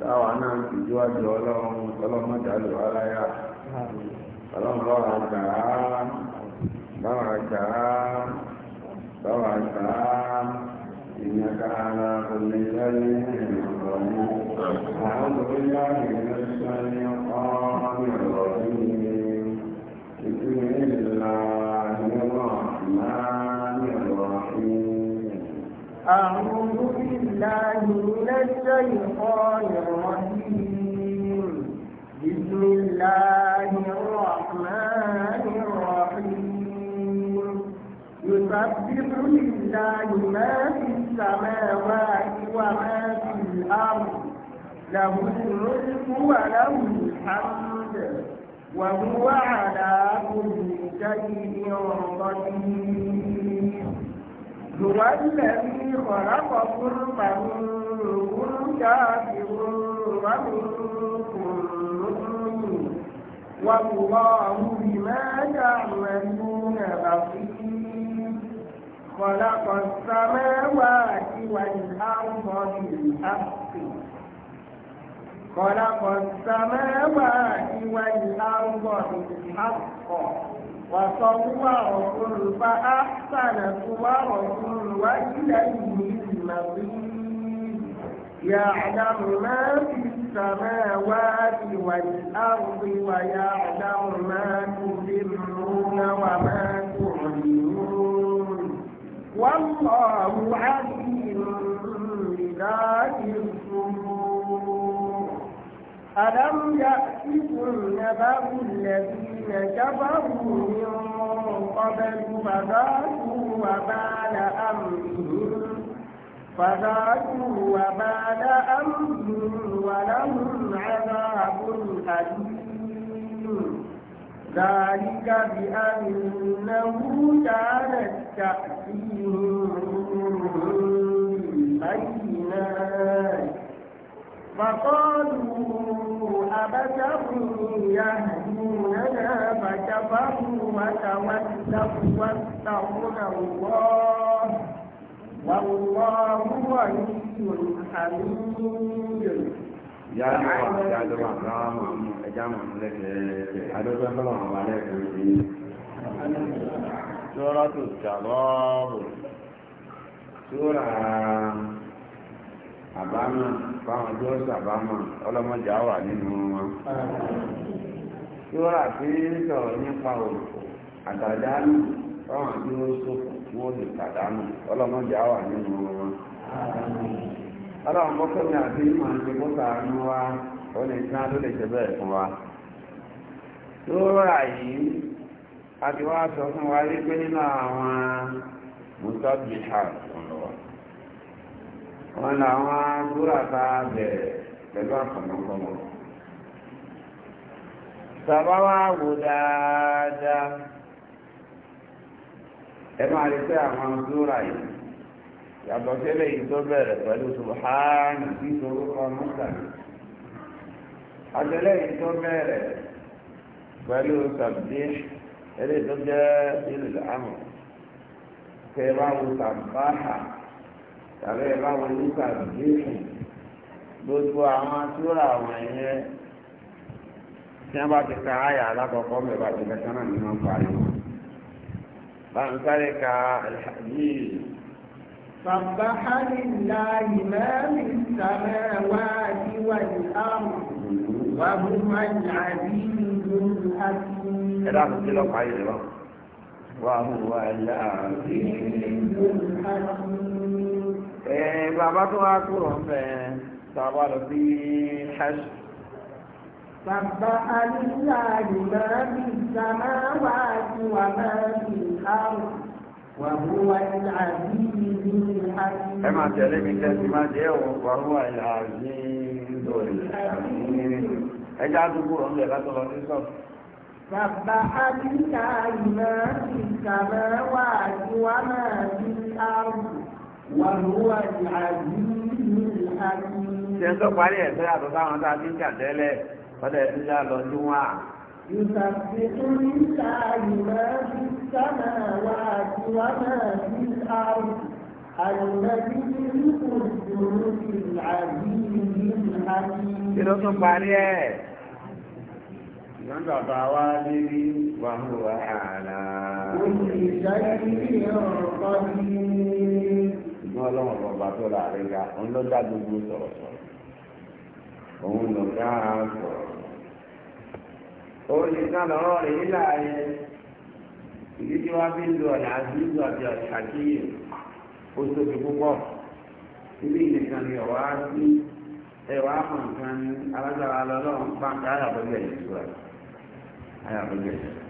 táwa náà ti díwájú ọlọ́run ọlọ́mọdàlù aláyà ọlọ́run báwa gbà á báwa gbà á báwa gbà á ìyàká ara omi lẹ́yìn ìrọ̀lẹ́ àwọn olóyè àgbẹ̀ lọ́sọ̀rọ̀ ní ọ̀rọ̀ ní أعوذ بالله من الشيطان الرجيم بسم الله الرحمن الرحيم يسبح لله ما في السماوات وما في الأرض له الملك وله الحمد وهو على كل شيء قدير هو الذي خلقكم منكم كافر ومنكم مؤمن والله بما تعملون بصير خلق السماوات والأرض بالحق خلق السماوات والأرض بالحق وصفوى رسول فأحسن صور رسول وإليه المصير يعلم ما في السماوات والأرض ويعلم ما تذرون وما تعلنون والله عليم بذات الصدور ألم يأتكم نبأ الذين كفروا من قبل فذاقوا وبال أمرهم فذاقوا وبال أمرهم ولهم عذاب أليم ذلك بأنه كانت تأتيهم بالبينات فقالوا أبشر يهدوننا فكفروا وتولوا واستغنى الله والله غني حميد ya lọ́wọ́ ya lọ́wọ́ àgbáwọ̀ ẹja mọ̀ lẹ́gbẹ̀ẹ́ adọ́gbẹ́ fọlọ́wọ́ wà lẹ́gbẹ̀ẹ́ yìí àbámọ̀ fáwọn tí ó sàbámọ̀ ọlọ́mọdé àwà nínú wọn. Yóò tí ń sọ̀rọ̀ nípa òkú àtàdánù fáwọn tí ó sọ̀kù wọ́n lè tàdánù ọlọ́mọdé àwà nínú wọn. Ọlọ́run kọ́kọ́ mi àti ìmọ̀ àti kọ́kọ́ àánú wa ó lè tán ló lè tẹ̀lé fún wa. Yóò yìí a ti wá sọ fún wa wípé nínú àwọn mùsọ̀bì àti wọn làwọn àdúrà tá a bẹ̀rẹ̀ pẹ̀lú àkànnàkọ́mọ. Tàbá wá wò dáadáa, ẹ máa rí pé àwọn àdúrà yìí yàtọ̀ sílẹ̀ yìí tó bẹ̀rẹ̀ pẹ̀lú subhánà tí ìṣòro kan mọ́sàlẹ̀. Àtẹ̀lẹ̀ yìí tó bẹ̀rẹ̀ pẹ̀lú sàbdí ẹlẹ́dọ́jẹ́ ìlú àmọ̀. Kẹ̀rọ àwọn sàbáhà tàbí ẹ bá wọn nípa ìdíyẹ̀sìn gbogbo àwọn àtúrà àwọn ẹ̀yẹ tí wọ́n bá ti ka àyà alákọ̀ọ́kọ́ mẹ́ba ti kẹ́kẹ́ náà ní wọ́n parí wọn. báwọn sáré ka yìí. سبح لله ما في السماوات والأرض وهو العزيز الحكيم. إيه رأيك لو قايل وهو العزيز الحكيم. Eh, bàbá tó wá kúrò ń bẹ̀ tàbá lọ sí hajj. Bàbá Alílá ìgbà bí sàmá wà sí wà máa fi àrùn. Ẹ máa tẹ̀lé mi tẹ́sí máa jẹ́ ọ̀wọ̀ pàrọwà ìlàrí lórí ẹjá àdúgbò ọ̀lẹ̀ látọ̀lọ́ ní sọ́ọ̀tù. Bàbá Adíkà ìmọ̀ ìkàmẹ́wàá tí wá máa bí àrùn ṣe ń tó parí ẹ̀ tó yàtọ̀ táwọn ń jà tẹ́lẹ̀ ọ̀dẹ̀ ń yá lọ sí wọn à. يسبح ló tún parí ẹ̀? Nígbà bá wá lérí wàhùn wàhálà. Olùdarí ọ̀pọ̀ ni ṣùgbọ́n ọlọ́run ọba tó ra rẹ̀ ga òun ló dá gbogbo sọ̀rọ̀ sọ̀rọ̀ òun ló dá sọ̀rọ̀ sọ̀rọ̀ òun nìkan lọ́rọ̀ rẹ̀ nílà yẹn ìdí tí wọ́n fi ń lo ọ̀nà àdúgbò àti ọ̀sà kí ó tóbi púpọ̀ ibi nìkan ni ọ̀wá sí ẹ̀wà àmọ̀ nǹkan alágbára lọ́lọ́run pàǹkà àyàbọ̀lẹ̀ ìṣúra àyàbọ̀lẹ̀ ìṣúra.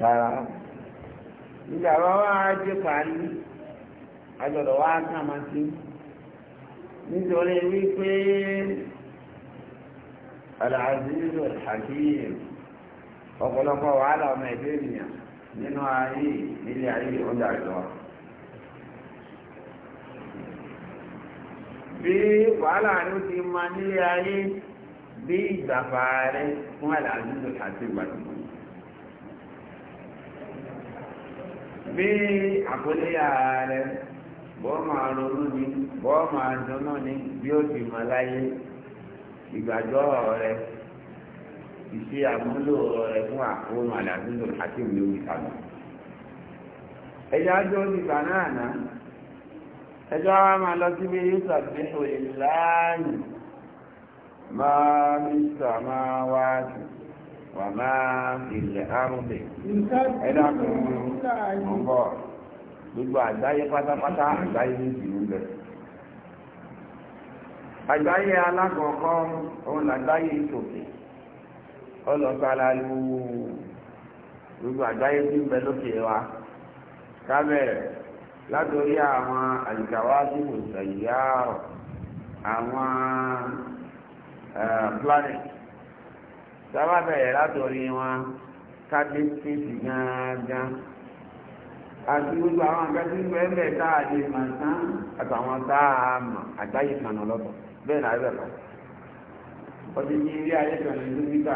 rárá ìgbà wa wá jẹ́ parí agbọ̀dọ̀ wá kàmá sí nítorí wípé al-aziz al-hakim ọ̀pọ̀lọpọ̀ wàhálà ọmọ ẹ̀dẹ́ ènìyàn nínú ayé nílé ayé ọjà ìlọ. bí wàhálà ló ti máa nílé ayé bí ìgbàfà rẹ fún al-aziz al bí àkóléyà rẹ bọ́ máa ronú ni bọ́ máa dúnú ni bí ó ti mọ láyé ìgbàgbọ́ rẹ ìṣe àmúlò rẹ fún àkóhùn àlàdúndò àti ìwé òkìtàlù ẹjọ́ ajọ́ òkìtà náà náà ẹjọ́ wa máa lọ síbi yusuf ní òye láàyè máa ń sàmáwáàtì. wà máa ilẹ̀ àrùnbẹ̀ ẹ̀dá kan ń bọ̀ gbogbo àgbáyé pátápátá àgbáyé méjì ń bẹ̀. àgbáyé alákọ̀ọ́kọ́ òun làgbáyé ìtòkè ọlọ́sára lu gbogbo àgbáyé tí ń bẹ lókè wa kábẹ̀rẹ̀ látòrí àwọn tí kò àwọn eh, planet sábà bẹ̀rẹ̀ látòrí wọn kájí fèsì gángan àti gbogbo àwọn akẹ́kọ̀ọ́ ìgbà ẹ̀mẹ́ tá a lè mọ̀ tán àtàwọn tá a mọ̀ àgbáyé kan lọ́tọ̀ bẹ́ẹ̀ náà bẹ̀rẹ̀ ọdún ní ilé ayé kan ní dókítà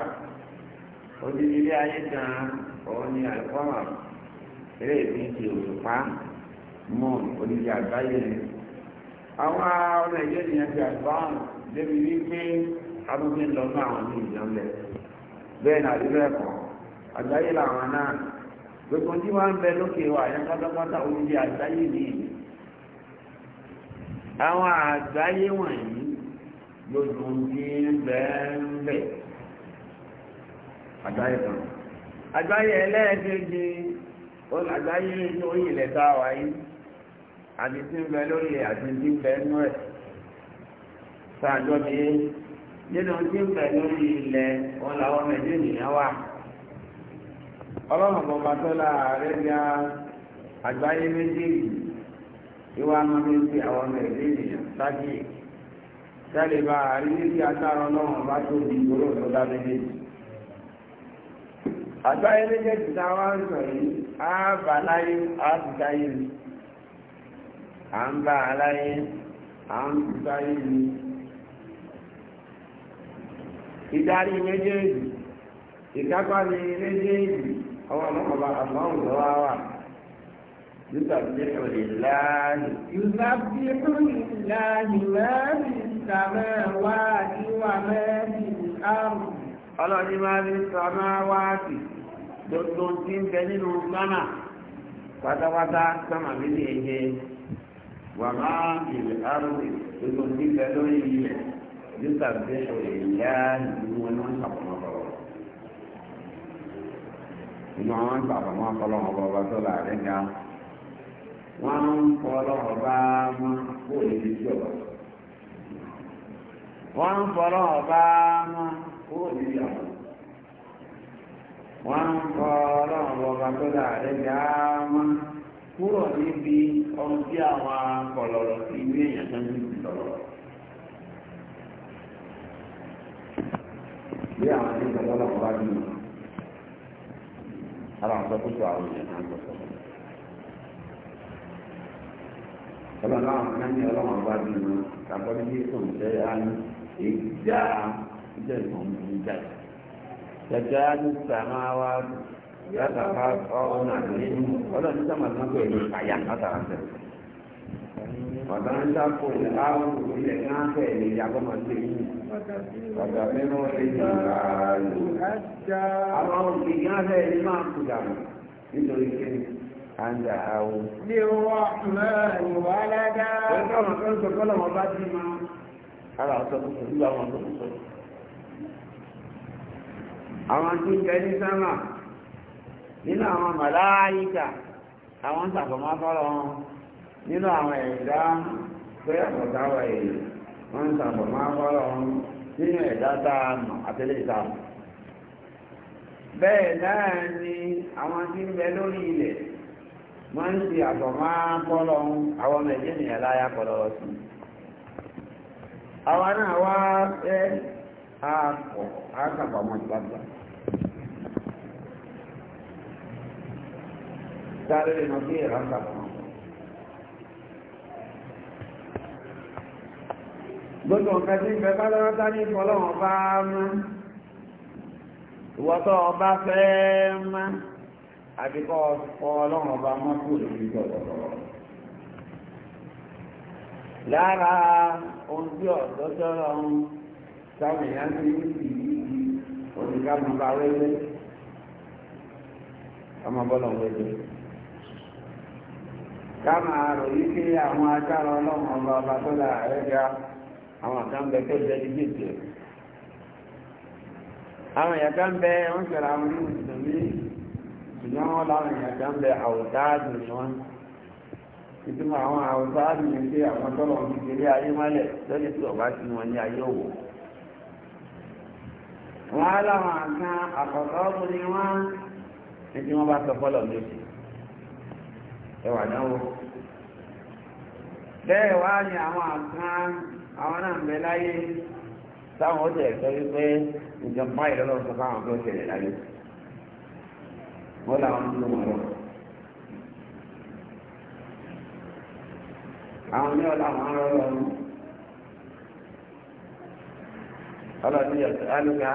ọdún ní ilé ayé kan òun ní àlùfáà eré ìpín ti òṣùpá mọ́ oníṣẹ́ àgbáyé rẹ̀ àwọn ọmọ ìjẹ́ ìyẹn ti àlùfáà débi wípé arúgbó ń lọ fún àwọn ní ìjọm lẹ bẹ́ẹ̀ ní àdúgbò ẹ̀kọ́ àgbáyé làwọn náà gbogbo tí wọn ń bẹ lókè wa yẹn pátápátá oúnjẹ àgbáyé nìyí àwọn àgbáyé wọ̀nyí gbogbo tí ń bẹ ń bẹ àgbáyé kan àgbáyé ẹlẹ́ẹ̀kejì àgbáyé inú ilẹ̀ tá wáyé àti tí ń bẹ lórí àti tí ń bẹ nú ẹ̀ sáájọ́ bíi. nínú tí ń bẹ̀ lórí ilẹ̀ wọn làwọn nàìjíríà wà ọlọ́run bọ̀bá tó láàárẹ̀ ya àgbáyé méjèèjì ìwà àwọn nàìjíríà sáàkì tẹ́lẹ̀ bá níbi àtàrà ọlọ́run bá méjèèjì àgbáyé méjèèjì ń sọ yìí á bà láyé á ti à ń ìdarí méjèèjì ìkápá ni méjèèjì àwọn ọmọkànlá àmọ́hùn ló wá wà. يسبح لله يسبح لله ما في السماوات ọlọ́ni máa ní sọmáwáàtì gbogbo tí ń bẹ nínú sọ́mà pátápátá wà máa àrùn gbogbo tí ń bẹ lórí yóò bí ìyá ìlú wọn wọn sàpamọ́ fọlọ́ inú àwọn sàpamọ́ fọlọ́ ọba ọba tó là rẹ̀ ga wọn ń fọlọ́ ọba mọ́ kó lè fi sí ọba wọn ń fọlọ́ kó lè fi ọba wọn ń fọlọ́ ọba tó là ga mọ́ kúrò níbi ọmọ tí àwọn akọ̀lọ̀lọ̀ sí ilé èèyàn tó ń ìwé àwọn ẹni ìgbà lọ́nà ọba bí mi ara àwọn sọ fúnṣọ àwọn èèyàn náà lọ sọ ọlọ́run náà wọn ní ọlọ́run ọba bí mi kàbọ́ ní bí kò ń jẹ́ àánú ìjà ìjà ìmọ̀ ń bí jáde jẹjẹ ní sàmáwá yàtọ̀ ọ̀nà àgbẹ̀yìn ọlọ́run ní sàmáwá náà kò èlò àyà látara sẹ́yìn. ọ̀dọ́ ń dákò ìlàwọ̀ ilẹ̀ káńfẹ̀ lè yàgò máa ṣe yìí ọ̀dọ́ mẹ́rin ọ̀dọ́ ìjọba àwọn òkè káńfẹ̀ lè máa kú dànù nítorí pé àǹdà àwọ̀. lè wọ mẹ́rin wà ládàá. ọjọ́ àwọn kan sọ kọ́lọ̀ wọn bá ti máa. ara ọ̀sọ̀ tó sọ̀rọ̀ ìgbà wọn tó sọ̀rọ̀. àwọn tí ń jẹ ní sánmà nínú àwọn màláyíkà àwọn sàfọ̀mọ́ fọ́lọ́ wọn. nínú àwọn ẹ̀dá bẹ́ẹ̀ ọ̀dáwà èyí wọ́n ń sàbọ̀ máa bọ́lọ̀ ọ̀hún nínú ẹ̀dá tá a mọ̀ àtẹ́lẹ̀ ìta bẹ́ẹ̀ náà ni àwọn tí ń bẹ lórí ilẹ̀ wọ́n ń ṣe àbọ̀ máa bọ́lọ̀ ọ̀hún àwọn ọmọ ẹ̀jẹ̀ nìyẹn láyà sí. àwa náà wá fẹ́ àpọ̀ gbogbo nǹkan tí ń fẹ́ pátápátá ní ìfọlọ́wọ́n bá mú ìwọ́tọ́ ọba fẹ́ má àbíkọ́ ọlọ́wọ́n ọba má kú lórí ìjọba lára ohun tí ọ̀dọ́ sọ́rọ̀ ń sáwọn èèyàn ti ń fi òṣìkà mọ̀ bá wẹ́lẹ́ ọmọ bọ́lọ̀ wẹ́lẹ́ ká máa rò yí àwọn agbára ọlọ́wọ́n ọba ọba tó dára rẹ̀ ga àwọn àkànbẹ tó jẹ́ ní gbèsè ẹ̀ àwọn èèyàn kan bẹ wọ́n sọ̀rọ̀ àwọn ní mùsùlùmí ṣùgbọ́n wọ́n láwọn èèyàn kan bẹ àwòtáàdù ni wọ́n ìtumọ̀ àwọn àwòtáàdù ni pé àwọn tọ́lọ̀ ń kékeré ayé mọ́lẹ̀ lọ́dẹ̀ tí ọ̀bá ti wọn ní ayé òwò wọ́n láwọn àkan àkọ́kọ́ fún ni wọ́n ní tí wọ́n bá sọ fọ́lọ̀ méjì ẹwà náwó bẹ́ẹ̀ wá ní àwọn àkan àwọn náà mẹ láyé táwọn ó jẹ wípé ìjọba ìlọlọ sọ fáwọn tó ṣẹlẹ̀ láyé wọn làwọn ń wọn lọ. àwọn ní ọlá wọn rọ alùpàá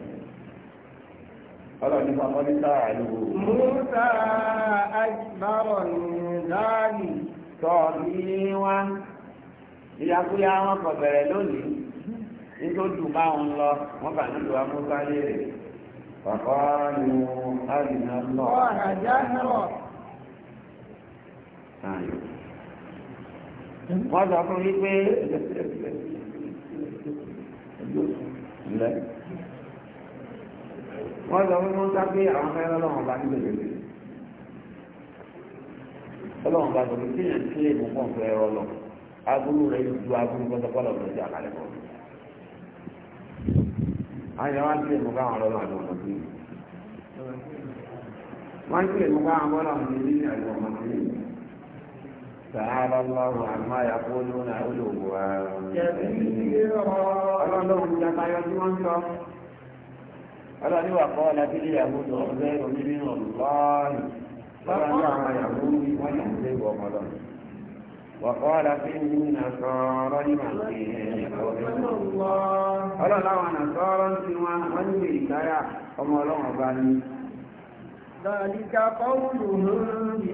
ọlọ́ni fàmọ́lì sáàlù. Musa Akbaro Ndani tọ́ọ̀bí wá. Ìyàkúyà wọn kọ̀ bẹ̀rẹ̀ lónìí. Nítorí bá wọn lọ, wọ́n kà nílùú Amúsá léèrè. Bàbá ni Àrìnà lọ. Ọ̀hàjá náà. Wọ́n sọ fún mi pé. wọ́n lọ wọ́n sá pé àwọn fẹ́ràn ọlọ́run bá nílò lè ọlọ́run bá tòun tí yẹn kílè mú pọ̀ fẹ́ ọ lọ ju lọ sí mú káwọn àti ọmọ sí wọ́n mú káwọn àti ọmọ sí ń ọlọ́ni wà kọ́ ọ̀la sílé yàgòdò ọ̀fẹ́ onírìnà lọ́ọ̀nì lọ́wọ́ ní àwọn yàgò ní wọ́n yà ń lé wọ ọmọ lọ́nà وقال فيه نصارى لمسيح قال له نصارى سوى من يا الله بني ذلك قولهم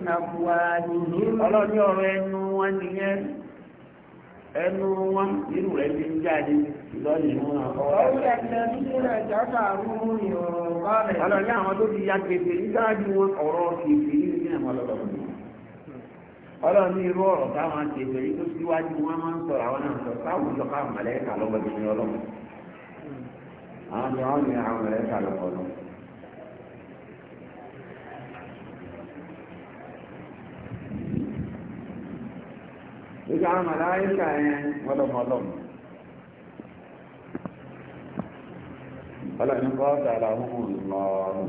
بأفواههم ọlọ́ni ọ̀rọ̀ ẹnu wọn nìyẹn ẹnu wọn nínú rẹ̀ ti ń jáde Ọlọ́run àwọn tó ti ya kèfè nígbàájú wọn ọ̀rọ̀ kèfè ní àwọn ọlọ́run. Ọlọ́run ní irú ọ̀rọ̀ táwọn kèfè yìí tó síwájú wọn máa ń sọ̀rọ̀ àwọn náà sọ táwọn ìjọ káwọn mọ̀lẹ́kà lọ́gbọ̀dé ní ọlọ́run. Àwọn ni wọ́n ní àwọn ọlọ́ni kọ́ tààrà ohun ìmọ̀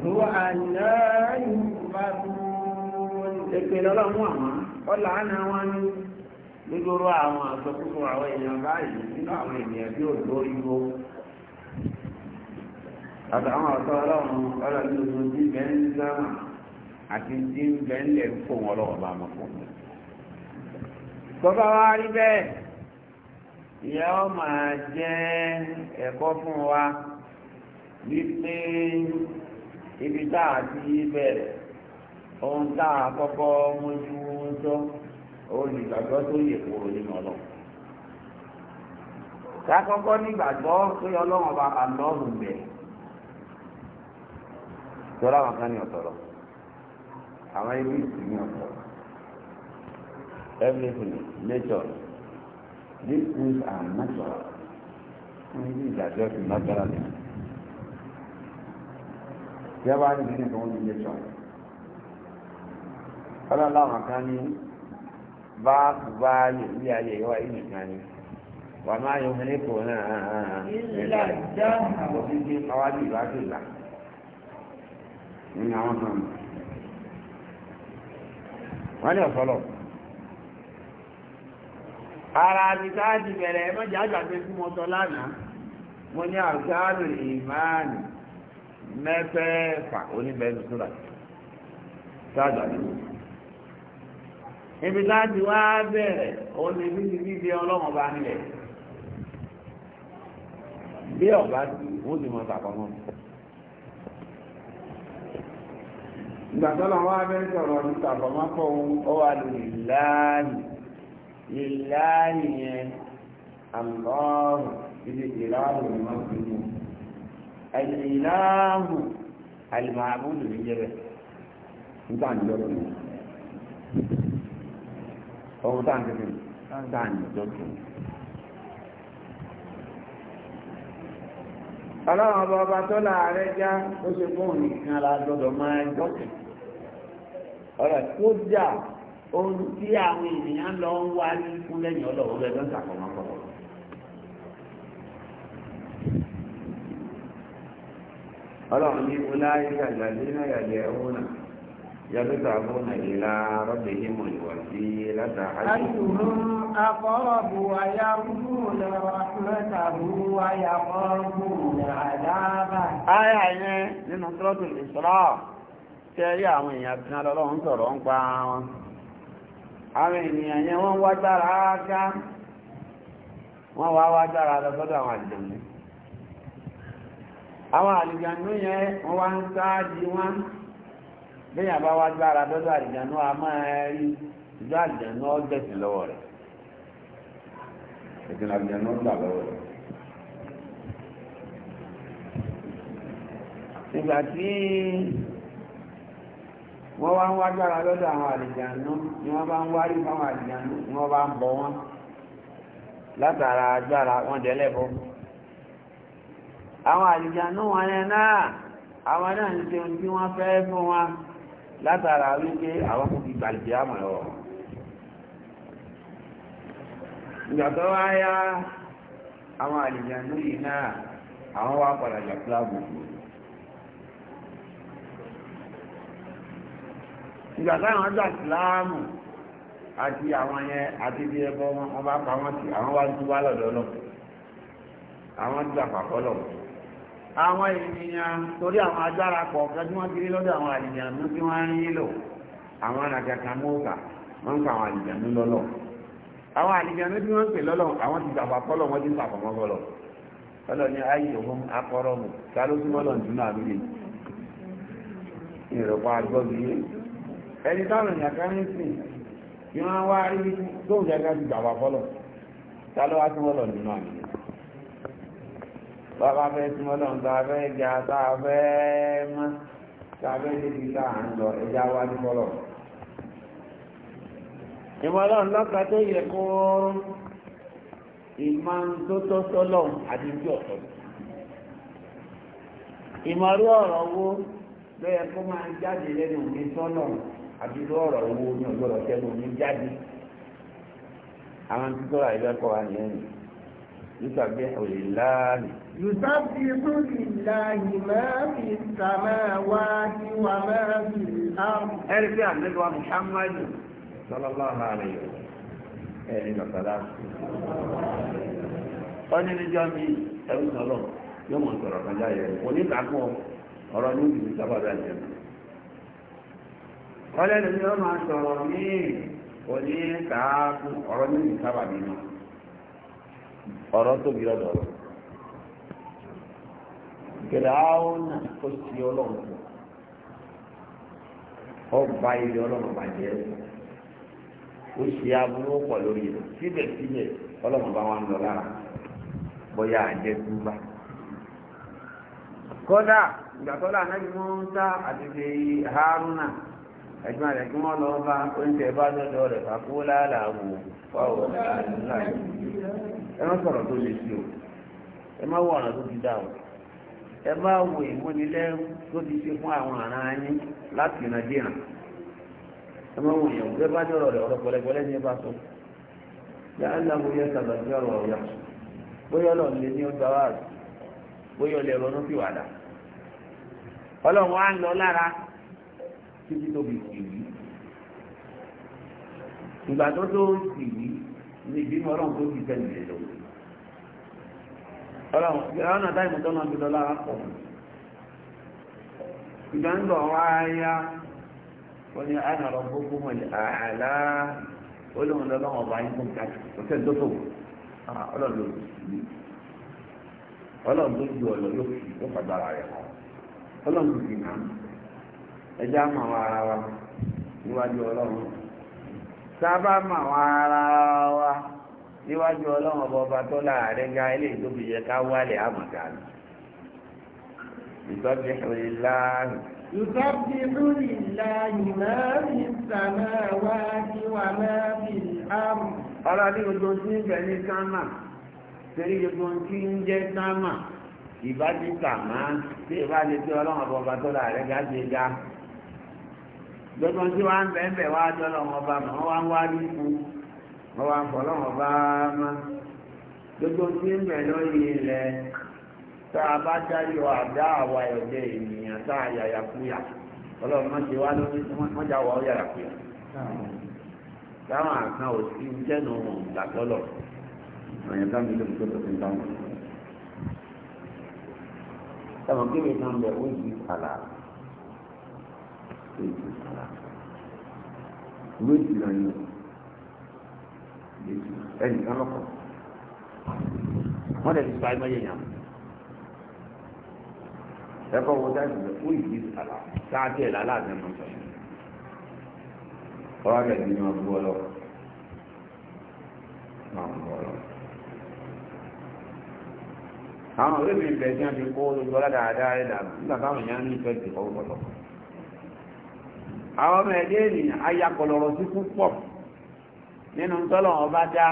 ọ̀rọ̀ àná ìgbàgbọ́n ìpínlẹ̀ ọlọ́mú àwọn ọlà àná wọn Ọla nítorí àwọn àgbẹ̀kúkú àwọn èèyàn báyìí nínú àwọn ènìyàn bí òjò ìgbó àtàwọn ọ̀tọ́ ọlọ́run ọlọ́ni oṣù tí bẹ́ẹ̀ ń dáná àti wa rí wípé ibi tá a ti bẹ̀rẹ̀ ohun tá a kọ́kọ́ mójú ń tọ́ olùgbàgbọ́ tó yẹ kúrò nínú ọlọ́run kakọ́kọ́ nígbàgbọ́ pé ọlọ́run ọba àlọ́run bẹ̀ tọ́lá àwọn kan ní ọ̀tọ̀rọ̀ àwọn ilé ìsìn ní ọ̀tọ̀rọ̀ everything nature these things are natural wọ́n ní ìdájọ́ sí natural thing yẹ bá ní ìdílé ìgbọ̀n ní ilé-ẹjọ́ ọlọ́láwọn kan ní ni bá ilé ayé ìwà ìlú kan iji wà máa yọ ní kò náà nígbà ìdí ọwájú ìbájú ìlà nínú àwọn kan wọ́n ní ọ̀sọ́lọ̀ ara mi káàdì bẹ̀rẹ̀ ẹ̀mọ́jà àgbàgbé fún lánàá mo ní mẹ́fẹ̀ẹ̀fà oníbẹ̀ẹ́nu sóra sáàdà nínú. ibi láti wá bẹ̀rẹ̀ òun ni bí ti dídé ọlọ́run bá nílẹ̀ bí ọ̀gá sí wọ́n sì mọ̀ sàkọ́mọ́. ìgbà tó lọ́wọ́ abẹ́ sọ̀rọ̀ ní sàkọ́mọ́ kọ́ ohun ó wà lórí láàyè líláàyè yẹn àlọ́ọ̀rù ibi ìlànà ìmọ̀ sí ni àìsìláàmù àìmàbúdù ní jẹ́rẹ̀ nígbà ní lọ́dún ọ̀hún tá à ń tẹ́lẹ̀ tá à ń lọ́dún. ọlọ́run ọba ọba tó láàárẹ̀ já ó ṣe fún òun nìkan la gbọ́dọ̀ máa jọ́sìn ọ̀rọ̀ tó jà ohun tí àwọn ènìyàn lọ ń wá ní fún lẹ́yìn ọlọ́run lẹ́dọ̀ ṣàkóso ọlọ́run ní oláyíká ìlàdínà yàjẹ́ òun fún ìlà rọ́bì ní mọ̀ sí látàájú. àjùmọ̀ àwọn ènìyàn yẹn wọ́n wá dára wọ́n wá wá dára àwọn àwọn àlìjànú yẹn wá ń sáájì wọ́n lẹ́yìn àbáwá gbára dọ́dọ̀ àlìjànú a máa rí ìjọ àlìjànú ọgbẹ̀sìn lọ́wọ́ rẹ̀ ìjìnlẹ̀ àlìjànú gbà lọ́wọ́ rẹ̀ nígbà tí wọ́n wá ń wá gbára àwọn àlìjànú wọn yẹn náà àwọn náà ń ṣe tí wọ́n fẹ́ fún wa látara wípé àwọn kò fi gbàlejò àmọ́ ẹ̀wọ̀ ìgbà tó wá yá àwọn àlìjànú yìí náà àwọn wá padà jà kíláàbù ìgbà táwọn jà kíláàmù àti àwọn yẹn àti bí ẹbọ wọn bá pa wọn sí àwọn wá ń túbá lọ́dọ̀ lọ àwọn gbà pàpọ̀ lọ́wọ́ àwọn ènìyàn torí àwọn agbára kọ̀ọ̀kan tí wọ́n ti rí lọ́dọ̀ àwọn àlìyàn mú tí wọ́n rí lò àwọn anàkàkà mọ́ọ̀kà wọ́n ń pa àwọn àlìyàn mú lọ́lọ́ àwọn mú tí wọ́n ń pè lọ́lọ̀ àwọn ti gbàgbà kọ́lọ̀ wọ́n ti ń wọ́n baba fẹ́ súnmọ́ lọ́n tá fẹ́ a fẹ́ mọ́ tá a fẹ́ débi ẹja wá ní tó yẹ kó ìmọ̀ tó àti ọ̀tọ̀. ìmọ̀rú ọ̀rọ̀ ló yẹ kó máa jáde lẹ́nu àti ọ̀rọ̀ ní ọgbọ́dọ̀ يسبح لله يسبح لله ما في السماوات وما في الأرض ارجع ندوى محمد صلى الله عليه وسلم ẹ̀rìn ọ̀sára ọdún níjọ́ mi ẹ̀rù sọ̀rọ̀ yóò mọ̀ sọ̀rọ̀ kan jáyẹ̀ oníkàkọ́ ọ̀rọ̀ ní ìlú sábàdà jẹ́ ọlẹ́nu ni ó máa sọ̀rọ̀ ní oníkàkọ́ ọ̀rọ̀ ní ìlú sábàdà náà ọ̀rọ̀ tóbi lọ́dọ̀ rẹ̀ gẹ̀rẹ́ àwọn tó ti ọlọ́run ọba ilé ọlọ́run bàjẹ́ ó ṣe aburú pọ̀ lórí rẹ̀ síbẹ̀síbẹ̀ ọlọ́run bá wọn lọ lára bóyá àjẹ dúbà kódà ìgbà tó là náà ni ń sá haruna ẹ̀gbọ́n rẹ̀ kí wọ́n lọ bá oúnjẹ bá lọ́dọ̀ rẹ̀ fàkúwó láàlà wò fáwọn àdúrà yìí. E ma sọ̀rọ̀ tó lè o ẹ wọ ọ̀nà tó ti dá o ẹ wo ìmúnilẹ́rú tó ti ṣe fún àwọn ará yín láti nàìjíríà ẹ má wo ìyàwó bẹ́ẹ̀ bá dọ̀rọ̀ rẹ̀ ọ̀rọ̀ ní ọ̀rọ̀ ọ̀yà bóyá ọlọ́run lè ní wá bóyá ọlẹ́ ronú wàdà ọlọ́run ń lọ lára títí tóbi sí ìgbà tó tó ní ìbínú ọlọ́run tó kì í sẹ́yìn lè lọ ọlọ́run ìrànà táìmù tọ́nà ti lọ lára pọ̀ ìgbà ń lọ wá yá wọ́n ní àná lọ gbogbo mọ̀ ní àlá olóhùn lọ́lọ́run ọba yín fún káàkiri kò sẹ́ni tó tó ah, ọlọ́run ló sì ọlọ́run tó ju ọ̀lọ́ yóò fi yóò fàgbà ara rẹ̀ kọ́ ọlọ́run ló sì wa níwájú ọlọ́run. sábà mà wá ara wa níwájú ọlọ́run ọba ọba tó ga ilé ìdóbi yẹ ká wálé àmọ̀ká ni ìtọ́jú ìlànà. يسبح لله ما في السماوات وما في الأرض ọ̀rọ̀ ní gbogbo tí ń bẹ̀ ní sáàmà gbogbo tí wọ́n ń ń bẹ̀ wá jọ lọ́wọ́ bá mọ́ wọ́n wá ní ikú wọ́n wá fọ́ lọ́wọ́ bá mọ́ gbogbo tí ń bẹ̀ lórí ilẹ̀ tá a bá dáyọ àdá àwa ẹ̀dẹ́ ènìyàn tá a yàyà kúyà ọlọ́run má ṣe wá lórí wọ́n já wọ́ yàyà kúyà táwọn àkàn ò sí jẹ́nu ìgbàgbọ́lọ̀ ọ̀yàn ká mi lóbi tó tó fi dáhùn. táwọn kébè kan bẹ̀ ó yí àlàáfíà ètò sàrà ìwé ìtìlá yìí ètò ẹnì kan lọ́kọ̀ wọ́n tẹ̀sí pa ẹgbẹ́ yẹn ẹ̀kọ́ wo dájú rẹ̀ fún ìdí sàrà sáàtì ẹ̀ lálàáfíà máa ń sọ ọ̀rọ̀ rẹ̀ ní wọn bú ọ lọ máa ń ọ lọ àwọn olóògbé ìbẹ̀sí àti kó olùgbọ́lá dáadáa ẹ̀dà nígbà táwọn èèyàn ní ìfẹ́ ìdìbò ọ̀pọ̀lọpọ̀ àwọn ọmọ ẹ̀dẹ́ ènìyàn ayakọ̀lọ̀rọ̀ sí púpọ̀ ọba dá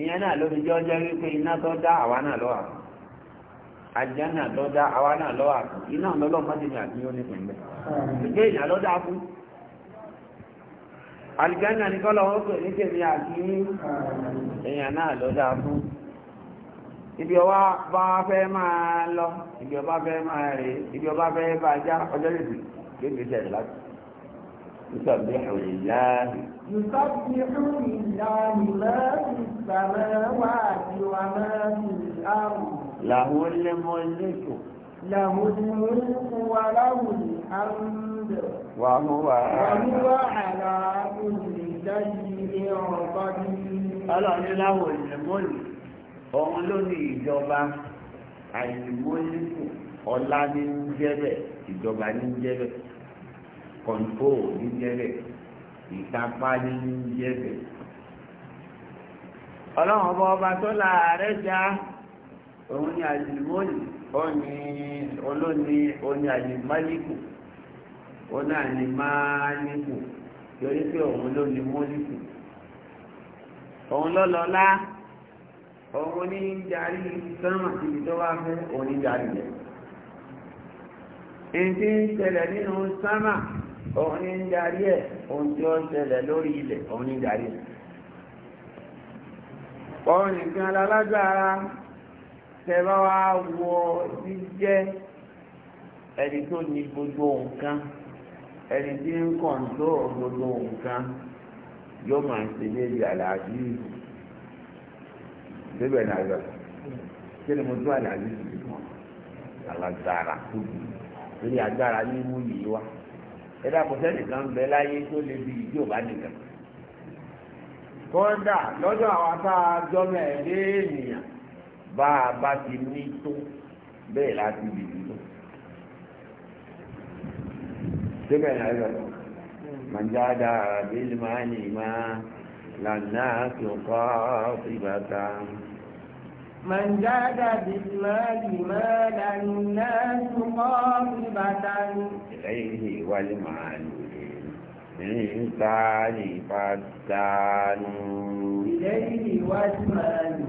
ìyẹn náà ló fi jẹ́ wípé iná tó dá àwa náà lọ́wọ́ àkọ́ àjẹ́nà tó dá àwa náà lọ́wọ́ iná lọ́lọ́ mọ́tìmí àti yóò ìgbé ìyà dá fún ní kọ́lọ̀ pè ní ibi ọba bá fẹ́ lọ ibi ọba fẹ́ máa rè ibi ọba fẹ́ bá já ọjọ́ kéde tẹ̀ láti. يسبح لله يسبح لله ما في السماوات وما في الأرض له الملك له الملك وله الحمد وهو وهو على كل شيء قدير الله له الملك òun ló ní ìjọba àìmọ́lẹ́kùn ọlá ní ń jẹ́bẹ̀ ìjọba ní ń jẹ́bẹ̀ kọ̀ǹtò ní ń jẹ́bẹ̀ ìkápá ní ń jẹ́bẹ̀. ọlọ́run ọba ọba tó láàárẹ̀ já òun ni àlìmọ́lì òní olóni òní àlìmọ́lìkù òní àlìmọ́lìkù torí pé òun ló ní mọ́lìkù òun lọ́lọ́lá òun ní darí sánmà síbi tó wá fún ìdí ń ṣẹlẹ̀ nínú sámà òun ní ń darí ẹ̀ òun tí ó ṣẹlẹ̀ lórí ilẹ̀ òun ní ń darí ẹ̀ tẹ́bá wá wọ jíjẹ́ ẹni tó ní gbogbo nǹkan ẹni tí ń gbogbo nǹkan yóò máa ṣe àlàájú náà kí ni mo torí agbára ní mú yìí wá ẹ dàpọ̀ sẹ́nìkan bẹ láyé tó lè bi ìdí òbá nìkan. kọ́ńdà lọ́dọ̀ àwọn tá a jọ́mọ̀ ẹ̀ lé ènìyàn bá a bá ti ní tó bẹ́ẹ̀ láti bì í tó. síbẹ̀ náà yọ̀ màjáda bílímánì máa lànà tó kọ́ ìbátan. من جاد بالمال مالا الناس قاطبة إليه والمال من تعرف إليه والمال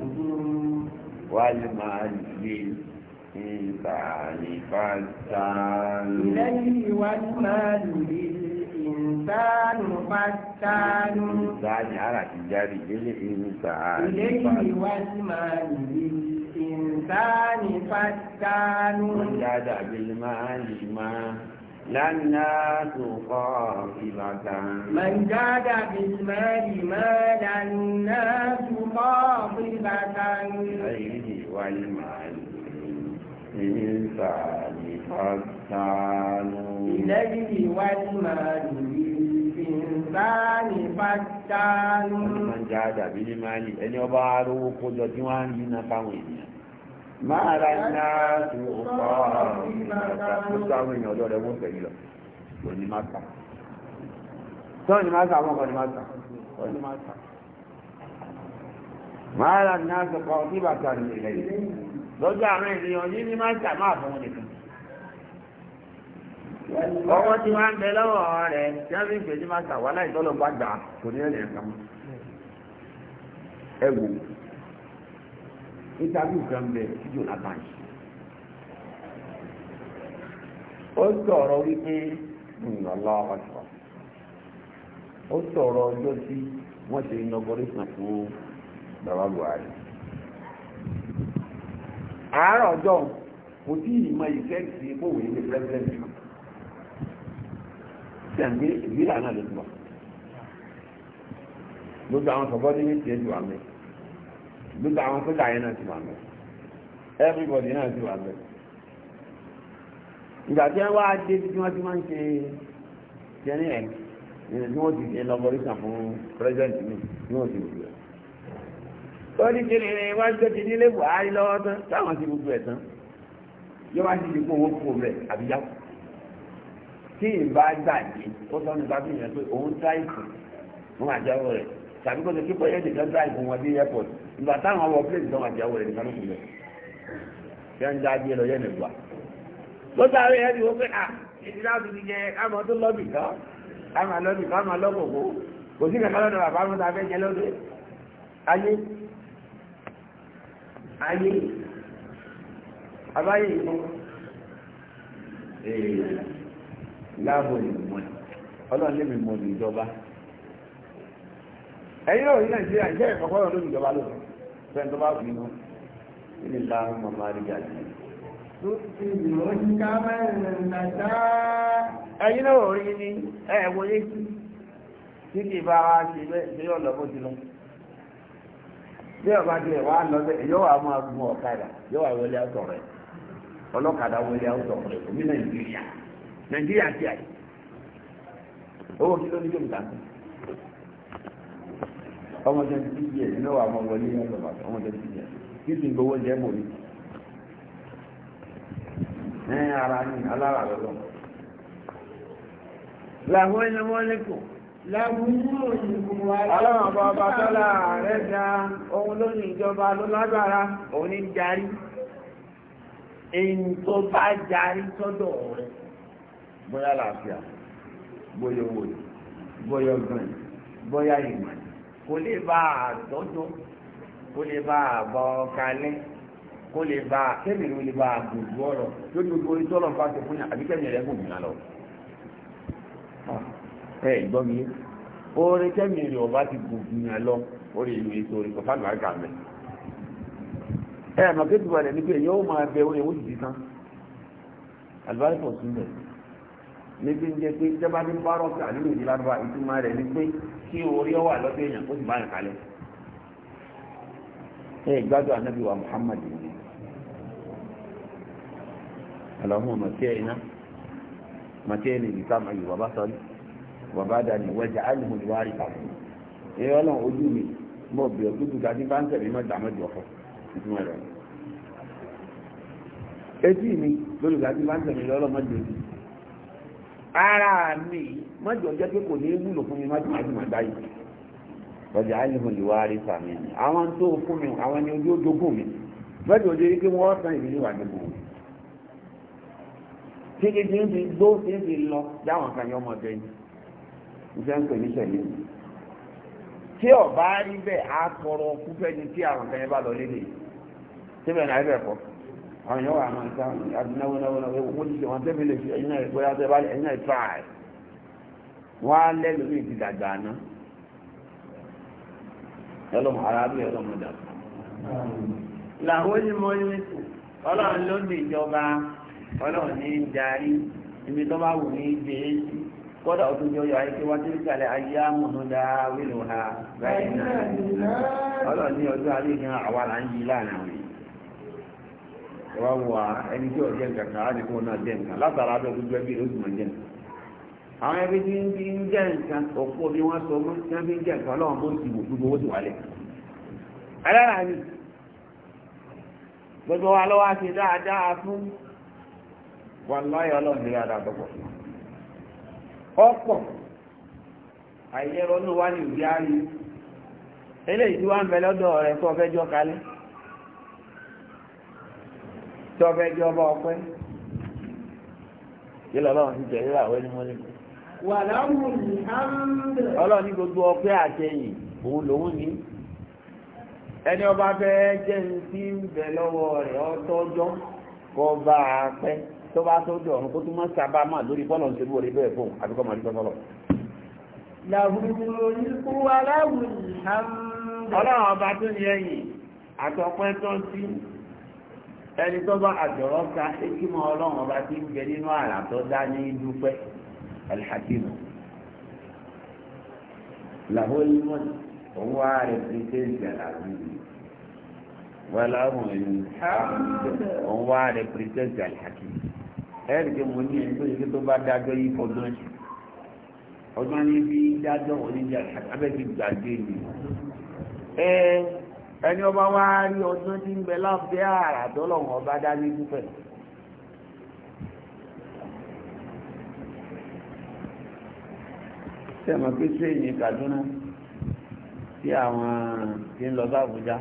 والمال بالإنسان فالتانون إليه والمال إنسان فتان دعني على تجاري للإنسان إليه والمال للإنسان فتان وجاد بالمال ما للناس قاطبة من جاد بالمال ما للناس قاطبة غيره والمال للإنسان فتان إليه والمال للإنسان ìsáàlì fàtàlù. wọ́n máa ń já dàbí ní máa lì ẹni ọba arówó kójọ tí wọ́n á ń yína fáwọn ènìyàn. máa ra iná tó ọ̀pá àwọn èèyàn ọ̀dọ́ rẹ̀ wọ́n tẹ̀lé lọ kò máa tà. tọ́ọ̀ máa tà àwọn ọkọ̀ máa tà máa ra iná tó ọ̀pá ọ̀pá ìbàtà nìyẹn lọ́jọ́ àwọn ènìyàn yìí ni máa tà máa fún wọn nìkan. ọwọ́ tí wọ́n ń bẹ lọ́wọ́ rẹ̀ tí wọ́n fi ń pèsè máa tàwa láì bá gbà kò ní ẹ̀rẹ̀ kan ẹ interview kan bẹ ó sọ̀rọ̀ wípé ìrànlọ́ ọ̀sọ̀ ó sọ̀rọ̀ ọjọ́ tí wọ́n ṣe inauguration fún bàbá Buhari àárọ̀ ọjọ́ kò tí ì mọ ìfẹ́ tẹ̀lé ìbílà náà ló ti wà gbogbo àwọn sọ̀bọ́ ní ìṣe ti wà gbogbo àwọn sójà yẹn náà ti wà mẹ́ everybody náà ti wà mẹ́ ìgbà tí wọ́n wá dé bí wọ́n ti máa ń ṣe jẹ́ní ẹ̀ ìrìn tí wọ́n ti ṣe lọ́bọ̀rìsàn fún president mi tí wọ́n ti wùdú ẹ̀ ó ní kí ni wọ́n tó ti nílé Buhari lọ́wọ́ tán táwọn ti gbogbo ẹ̀ tán yóò wá sí ìdíkùn owó kúrò rẹ̀ àbíyá kù tí ìbá gbàgbé ó sọ nípa bí ìyẹn pé òun dráìfù wọn àjẹwò rẹ tàbí kó tó kí pọ́yẹ́ nìkan dráìfù wọn bí airport ìgbà táwọn wọ plane tó àjẹwò rẹ nìkan ló kù dá sáré pé à náà ti di jẹ káma tó lọ́bì kan káma lọ́bì káma lọ́kòkò kò sí kankan lọ́dọ̀ bàbá mi lọ́dọ̀ láàbò ìmọ̀ ọlọ́run lè mọ̀ ní ìjọba ẹ̀yìn náà ní nàìjíríà ìjẹ́ ìfọ̀kọ́rọ̀ ló ní ìjọba lónìí fẹ́ni bá fi inú nínú ìlà mọ̀mọ́ àríjà jù ẹ̀yìn náà rí ní ẹ̀wọ̀ yé kí kì í bá wa ṣe bẹ́ẹ̀ ṣe yọ̀ lọ́kọ́ ti lọ bí ọba ti ẹ̀ wá lọ bẹ́ẹ̀ yóò wá máa gun ọ̀kadà yóò wá wọlé àtọ̀ rẹ̀ ọlọ́kadà wọlé àtọ̀ rẹ̀ òmìnira ìgbéyàwó nàìjíríà ti àyè owó kí ló ní kí n ta ọmọ jẹ ti yẹ nínú àwọn ọmọ wọlé ní ọgbà ọmọ jẹ ti yẹ kí sì ń gbowó jẹ mọ ní ẹ ara ní alára lọ́dọ̀ làwọn ẹni wọn lẹkọọ Ọlọ́run bá ọba tọ́lá rẹ̀ dá ohun ló ní ìjọba ló lágbára òun jarí. Èyí tó bá jarí sọ́dọ̀ rẹ̀ bóyá làáfíà bóyá owó bóyá ọgbọ́n bóyá ìmọ̀ kó lè bá a tọ́jú kó lè bá a bọ́ kalẹ̀ kó lè bá a kẹ́mi ló lè bá a gbòògbò ọ̀rọ̀ tó ní gbogbo ìtọ́ lọ́nà fásitì fún yàn àbí kẹ́mi rẹ̀ gùn yàn lọ. ẹ gbọ́ mi orin kẹ́mi rẹ̀ ọba ti gùn yàn lọ orí ìlú ètò orin kọfà lọ́ọ̀gà mẹ́. ẹ àmọ́ kí tí wà lẹ́nu pé yóò máa bẹ orin ìwé ìdí tán àlùbáríkọ̀ sílẹ̀ níbi ń jẹ pé ìjọba ní bárọ̀kì àdúgbò ìdílé àdúrà ìtumọ̀ rẹ̀ ni pé kí orí ọwà lọ́dọ̀ èèyàn ó sì bá yàn kalẹ̀. ẹ gbádùn anábì wa Muhammad ni alahu matiyina matiyina bi kama yi wa basari wa bada ni wajà alihu iwari kàfé ẹ ọlọ́run ojú mi mo bì ọ́ dúdú gàdí bá ń tẹ̀lé mọ́jà mọ́jọ fún ìtumọ̀ rẹ̀ etí mi lórí gàdí bá ń tẹ̀lé lọ́lọ́ mọ́jọ ojú ara mi mọ́jọ jẹ́ pé kò ní wúlò fún mi má ti máa dáyé ọjà àìlèmọ̀ lè wá rí sàmì ni àwọn tó fún mi àwọn ni ojú ojógún mi mọ́jọ jẹ́ pé wọ́n san ìdílé wà nínú mi títí tí ń fi gbó tí ń fi lọ dáwọn kan yọmọ bẹ ní iṣẹ́ ń pè ní sẹ̀lẹ̀ mi tí ọba rí bẹ́ẹ̀ á tọrọ kúfẹ́ ni tí àwọn kan yẹn bá lọ lélẹ̀ síbẹ̀ náà ẹ bẹ̀ kọ́ àwọn èèyàn wà máa ń sá àdínáwó náwó náwó ewu ti ṣe wọn tẹ́mi lè fi ẹ̀yìn náà bóyá tẹ́ bá lè ẹ̀yìn náà tíráì wọ́n á lẹ́nu ní ti dàgbà àná ẹlọ́mọ arábìnrin ẹlọ́mọ dàgbà. làwọn onímọ̀ ní ọlọ́run ló ní ìjọba ọlọ́run ní ń darí ibi tó bá wù ní ìgbé sí kódà ó tún jọ yọ ayé kí wọ́n ti ń kalẹ̀ ayé amúnúdá wílò ha báyìí náà ọlọ́run ní ọjọ́ àríyàn àwa là ń yí láàrin àwọn ẹwà wà ẹni tí ọ̀jẹ́ nǹkan kan á ní kí náà jẹ́ nǹkan látara abẹ́ gbogbo ẹbí rẹ̀ ó jẹ́ nǹkan àwọn ẹbí tí ń bí ń jẹ́ nǹkan òkú bí wọ́n sọ mọ́ tí wọ́n fi ń jẹ́ nǹkan ọlọ́run bó ti wò gbogbo owó ti wálẹ̀ alára ni gbogbo wa lọ́wọ́ á dáadáa fún wọn ọlọ́run ọ̀pọ̀ àìyẹ́rọ náà wá ní ìgbé ayé eléyìí tí wọ́n ń bẹ lọ́dọ̀ rẹ̀ tí ọba ẹjọ́ ọba ọpẹ́ yìí lọ́lọ́run ti jẹ́ ìlà wẹ́ni mọ́lẹ́. ọlọ́run ní gbogbo ọpẹ́ àtẹ̀yìn òun lòun ní. ẹni ọba fẹ́ jẹ́ ní tí ń bẹ lọ́wọ́ rẹ̀ ọtọ́jọ́ kọ́ bá a pẹ́ tó bá tó ọ̀run kó tún mọ́ sábà máa lórí bọ́ọ̀lù ń ṣerú orí bẹ́ẹ̀ fún àbíkọ́ màá dúpẹ́ lọ́lọ́. ọlọ́run ọba tún ní ẹ̀yìn àtọ́pẹ́ tó ń ti ẹni tó bá àjọ̀rọ̀ ka ekímọ̀ ọlọ́run ọba tí ń bẹ nínú àrà tó dá ní dúpẹ́ alhakimu làhólímọ̀ òun wá rẹ̀ pírẹ́sẹ̀ǹtì àlàbíyì wàláhùn ẹ̀yìn òun wá rẹ̀ pírẹ́sẹ̀ǹtì alhakimu ẹ̀rì pé mo ní ẹni tó yẹ tó bá dájọ́ yìí fọdún ọdún ní bí dájọ́ òní jẹ́ abẹ́bí gbàgbé mi ẹni ọba wá rí ọdún tí ń bẹ lábẹ́ àrà tọ́lọ̀wọ̀n ọba dá ní dúpẹ́ sẹ́mọ̀ pé sí èyí Kaduna tí àwọn tí ń lọ sí Àbújá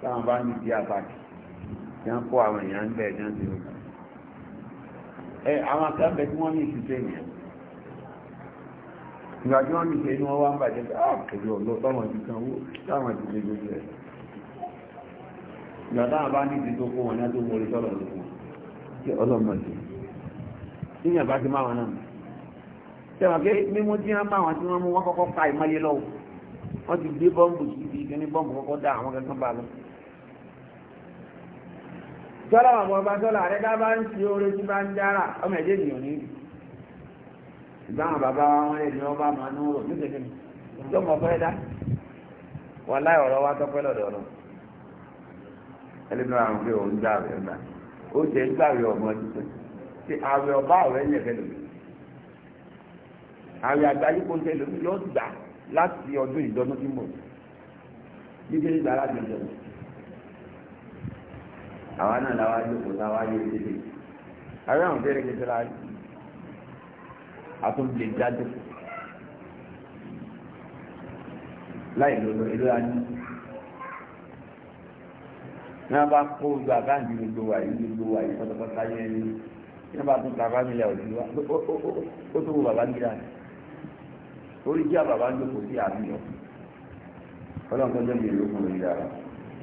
táwọn bá ní ti àbàkì tí wọ́n kó àwọn èèyàn ń bẹ̀ ẹ̀jọ́ sí i ẹ àwọn akẹ́kọ̀ọ́ tí wọ́n ní ìṣiṣẹ́ ènìyàn ìgbà tí wọ́n ní ìṣe ni wọ́n wá ń bàjẹ́ pé àwọn ìṣèlú ọlọ́tọ́mọ̀ ti kan owó táwọn ti lè gbogbo ẹ̀ ìgbàdá àbá ní ìdí tó fún wọn ní adúgbò orí tọ́lọ̀ ní fún kí ọlọ́mọ jù níyàn bá ti máa wọn náà tẹ́wọ̀n pé mímú tí wọ́n bá wọn tí wọ́n mú wọn kọ́kọ́ ka ìmọ̀ye lọ́wọ́ wọ́n ti gbé bọ́ǹbù síbi ìkíní bọ́ǹbù kọ́kọ́ dá àwọn kankan bá lọ. tọ́lá àwọn ọba tọ́lá rẹ dá bá ń ṣe oore tí bá ń dára ọmọ ẹ̀jẹ̀ ènìyàn ní ìlú bàbá wọn lè ní ọba máa ẹlẹ́nu àwọn pé òun gbà rẹ̀ gbà ó jẹ́ gbà rẹ̀ ọmọ títẹ̀ ṣe àwẹ̀ ọba rẹ̀ yẹn fẹ́ lómi àwẹ̀ àgbáyé kò tẹ́ lómi yóò gbà láti ọdún ìdọ́nú tí mò ń ṣe gbà láti ìdọ́nú. àwa náà làwa jókòó làwa yé délé àwọn àwọn fẹ́rẹ̀ kẹsẹ̀ la àtúndì jáde láì lọ́dọ̀ ìlú àná ní wọ́n bá kó ojú àkáǹtì gbogbo wà yìí gbogbo wà yìí pátápátá yẹn ní ní wọ́n bá tún ta fámìlì ọ̀dí wa ó tó wo bàbá gíga ni orí jẹ́ bàbá ń jókòó sí àbíyọ ọlọ́run tó jẹ́ mi ìlú fún ìyá rẹ̀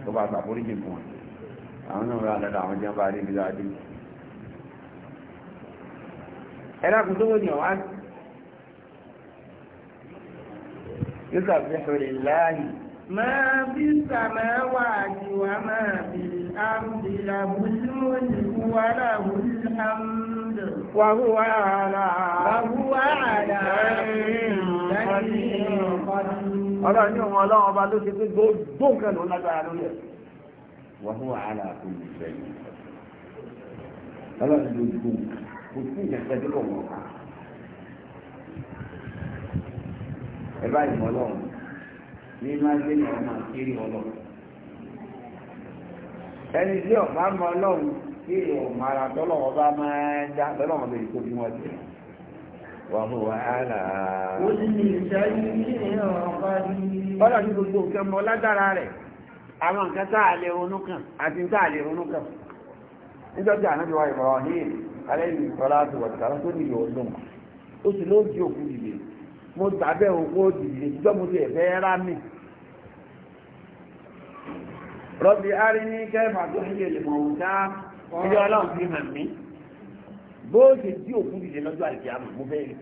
tó bá gbà foríjì fún wọn àwọn náà rà dáadáa àwọn jẹ́ bá rí ibi dáadé ẹ̀dàkùn tó wọ́n ni ọ̀wá yóò sàfihàn láàyè ما في السماوات وما في الأرض له الملك وله الحمد وهو على وهو على Ọlọ́run ní ọmọ ọlọ́run ọba ló ṣe pé gbogbo nǹkan ló lágbára lórí ẹ̀. Wọ́n wàhálà fún ìfẹ́ ní máa gbé ní ọmọ àkírí ọlọ́run ẹni tí ọ̀pá mọ ọlọ́run tí ìwọ̀n ara tọ́lọ́wọ́ bá máa ń dá lọ́lọ́wọ́ bẹ̀rẹ̀ tó bí wọ́n ti wà mú wa ààlà. ó sì ní ìṣẹ́yìn ní ọ̀pá yìí. ọlọ́run ní gbogbo nǹkan mọ lágbára rẹ̀ àwọn nǹkan tá a lè ronú kàn àti tá a lè ronú kàn. nítorí ànábi wa ìbọ̀rọ̀ ní alẹ́ ìrìn sọ́lá àti wọ̀tí mo gbàbẹ́ owó òdìdí ìjọ́ mo lè fẹ́ rá mi rọ́bì aríní kẹfà tó ń lè lè mọ̀ òjá ilé ọlọ́run fi hàn mí bó ṣe tí òkú dìde lọ́jọ́ àìsí àmọ̀ mo bẹ́ẹ̀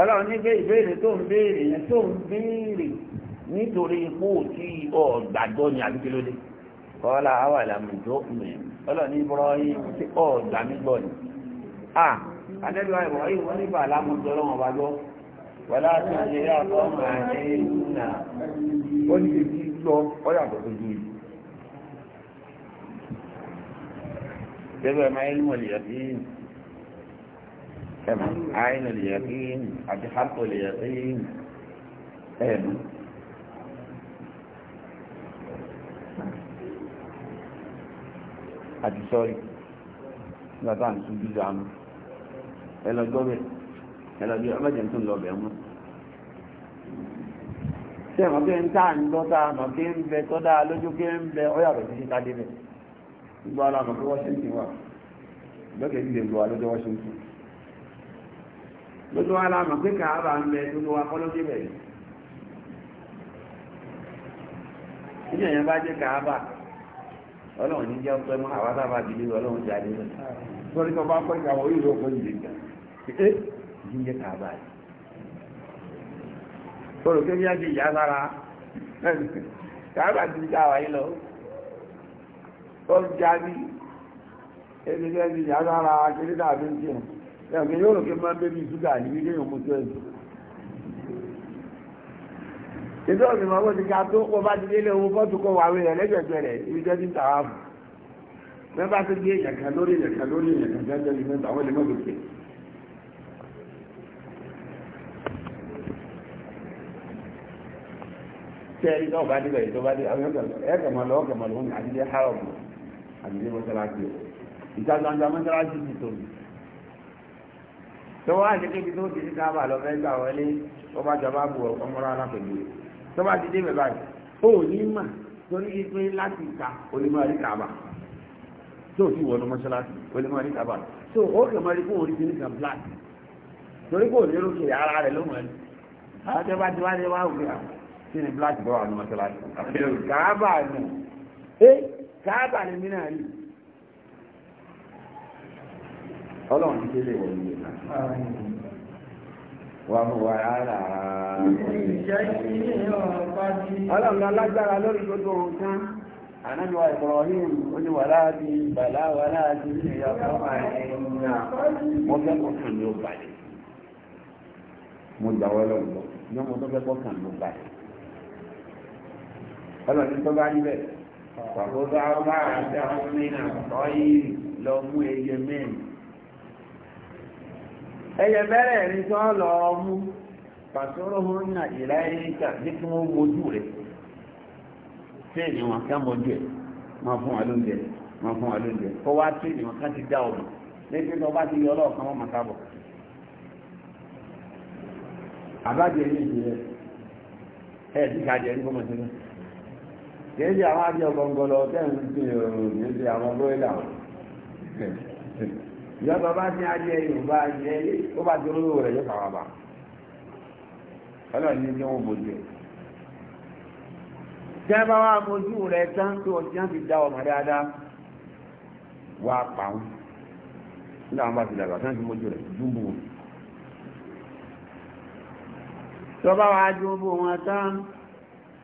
ọlọ́run ní pé ìbéèrè tó ń béèrè yẹn tó ń béèrè nítorí ipò tí ọ̀gbàgbọ́ ni àbíkí ló dé kọ́lá awàlámùjọ́ mẹ́rin ọlọ́run ní bọ́rọ́ yìí tí ọ̀gbàmígbọ́ ni ah, anẹ́lúwà ìwọ̀ yìí wọ́n nígbà lámùjọ lọ́wọ́ bá lọ wọ́lá tí ó ṣe yá ọ̀pọ̀ máa ṣe é nà ó ní ibi lọ ọ̀yà tó tó ju yìí. Bẹ́ẹ̀ máa ń mọ̀ lìyàtí ẹ̀mọ̀ àìnà lìyàtí àti hàpọ̀ lìyàtí ẹ̀mọ̀. Àti sọ́rí, nígbà táwọn tún bí lánàá ẹlọgbọ́bẹ̀ ẹlọgbẹ́ ọlọ́jẹ̀ tó ń lọ bẹ̀ mú ṣe mọ̀ pé ń tà ń lọ tá a mọ̀ pé ń bẹ tọ́ dáa lójú pé ń bẹ ọ́ yàtọ̀ sí síta débẹ̀ gbogbo ara mọ̀ pé Washington wà lókè ìdílé ń lọ wa lójú Washington lójú ara mọ̀ pé kàábà ń bá jẹ́ kàábà ọlọ́run ní jẹ́ ọpẹ́ mọ́ àwọn ọlọ́run jáde lọ sọ́rí tó bá pẹ́ kàwọ́ yìí ló pẹ́ pé yíyẹ kàbà yìí sọ̀rọ̀ pé bí a ti yà sára kàbà ti ká wà yìí lọ ó já ní ẹni tí ẹni yà sára kiri dàbí ń jẹun ẹ̀kẹ́ yóò rò pé máa ń bébí ṣúgà ní ilé ìwọ̀n tó ẹ̀sùn ìjọ òsìmọ̀ owó ti ga tó kó bá ti délé owó kọ́tù kó wà wíyẹn lẹ́gbẹ̀gbẹ̀ rẹ̀ ibi jẹ́ ti ń tàwa bù mẹ́fà tó gbé èèyàn kan lórí èèyàn kan lórí èèyàn kan jẹ́ tẹ́rí náà bá débẹ̀ ìjọba dé àwọn ẹ̀kàmọ́ lọ ọ̀kàmọ́ lọ́wọ́ ní àdílé hárọ̀mù àdílé mọ́sálásí o ìta gbangba mọ́sálásí ti tóbi tó wá àti kébi tó ti ní káàbà lọ fẹ́ gbà wọlé ó bá jọba bu ọmọrọ alápẹ̀lú tó bá ti débẹ̀ báyìí ó ní mà torí pé láti ìta onímọ̀ rí káàbà tó ti wọnú mọ́sálásí onímọ̀ rí káàbà tó ó kí ni black bọ́ wà ní mọ́ṣáláṣí kàábà nù é kàábà ni mí náà rí ọlọ́run ti kéde wọ̀ ní ìlú wà mú wa ara ọlọ́run alágbára lórí gbogbo nǹkan ànábì wa Ibrahim oníwàlá bí bàlá wà láti ní ìyàwó máa ń nà wọ́n fẹ́ kọ́ kàn ní ó balẹ̀ mo gbà wọ́n ní ọmọ tó fẹ́ kọ́ kàn ní ó balẹ̀ ọlọ́ni tó bá níbẹ̀ pàbóbá ọba àti àwọn mìíràn ọ̀yìn lọ mú ẹyẹ mẹ́rin ẹyẹ bẹ́rẹ̀ ní tó lọ mú pàṣọ́rọ̀ hún náà ìlà ẹni kà ní kí wọ́n mojú rẹ̀ tẹ́ẹ̀nì wọn ká mojú ẹ̀ máa fún wa lóúnjẹ máa fún wa lóúnjẹ kó wá tẹ́ẹ̀nì wọn ká ti dá ọ̀rọ̀ lẹ́gbẹ́ tó bá ti yọ ọlọ́ọ̀kan wọn màkà bọ̀ kìí ṣe àwọn adìyẹ gbọngọlọ tẹ́ẹ̀mù ti rọrùn kìí ṣe àwọn bóyá wọn. ìjọba bá ní adìyẹ yorùbá adìyẹ ó bá ti olówó rẹ̀ yóò fara bá ọlọ́run ní ní wọ́n mojú ẹ̀. tẹ́ bá wá mojú rẹ̀ tán tó o ti hàn ti dá ọmọ dáadáa wá pa wọn ní àwọn bá ti dàgbà tán ti mojú rẹ̀ dúbù wọn. tọ́ bá wá dúbù wọn tán.